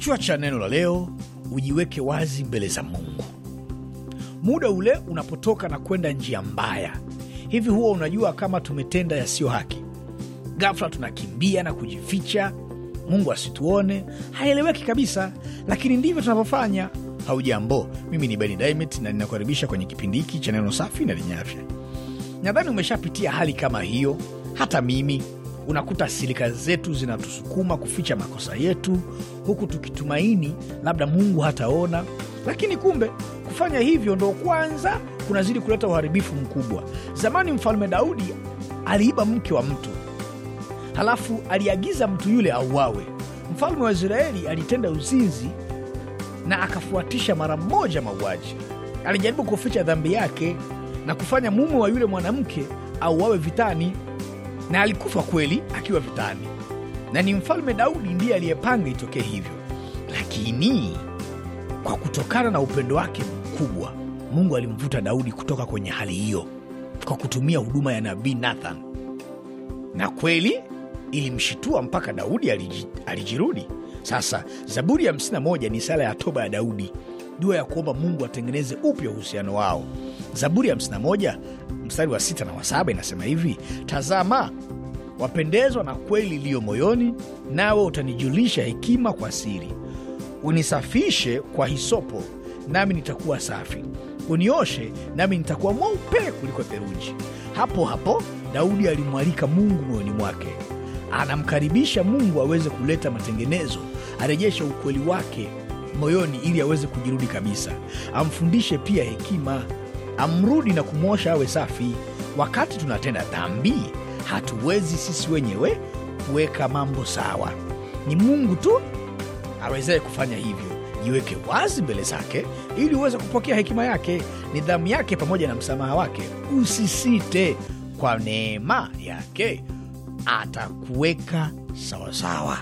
Kichwa cha neno la leo: ujiweke wazi mbele za Mungu. Muda ule unapotoka na kwenda njia mbaya hivi, huwa unajua kama tumetenda yasiyo haki. Ghafla tunakimbia na kujificha, Mungu asituone, haieleweki kabisa, lakini ndivyo tunavyofanya. Haujambo, mimi ni Beni Dimet na ninakukaribisha kwenye kipindi hiki cha neno safi na lenye afya. Nadhani umeshapitia hali kama hiyo, hata mimi unakuta silika zetu zinatusukuma kuficha makosa yetu, huku tukitumaini labda Mungu hataona, lakini kumbe kufanya hivyo ndo kwanza kunazidi kuleta uharibifu mkubwa. Zamani mfalme Daudi aliiba mke wa mtu, halafu aliagiza mtu yule auawe. Mfalme wa Israeli alitenda uzinzi na akafuatisha mara mmoja mauaji. Alijaribu kuficha dhambi yake na kufanya mume wa yule mwanamke auawe vitani na alikufa kweli akiwa vitani, na ni mfalme Daudi ndiye aliyepanga itokee hivyo. Lakini kwa kutokana na upendo wake mkubwa, Mungu alimvuta Daudi kutoka kwenye hali hiyo kwa kutumia huduma ya nabii Nathan, na kweli ilimshitua mpaka Daudi alijirudi. Sasa Zaburi ya 51 ni sala ya toba ya Daudi, dua ya kuomba Mungu atengeneze upya uhusiano wao. Zaburi ya 51 mstari wa 6 na wa saba inasema hivi: tazama wapendezwa na kweli iliyo moyoni, nawe utanijulisha hekima kwa siri. Unisafishe kwa hisopo, nami nitakuwa safi, unioshe, nami nitakuwa mweupe kuliko theluji. Hapo hapo Daudi alimwalika Mungu moyoni mwake, anamkaribisha Mungu aweze kuleta matengenezo, arejeshe ukweli wake moyoni, ili aweze kujirudi kabisa, amfundishe pia hekima amrudi na kumwosha awe safi. Wakati tunatenda dhambi, hatuwezi sisi wenyewe kuweka mambo sawa. Ni Mungu tu awezaye kufanya hivyo. Jiweke wazi mbele zake ili uweze kupokea hekima yake, nidhamu yake, pamoja na msamaha wake. Usisite, kwa neema yake atakuweka sawasawa.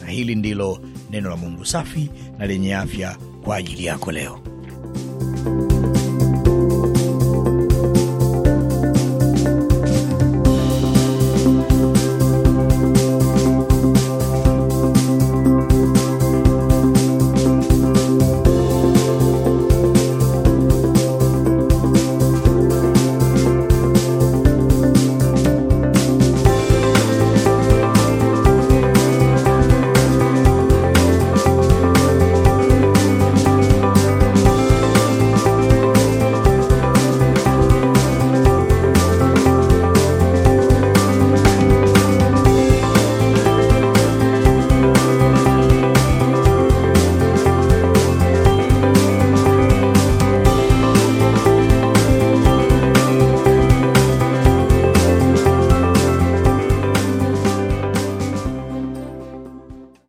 Na hili ndilo neno la Mungu safi na lenye afya kwa ajili yako leo.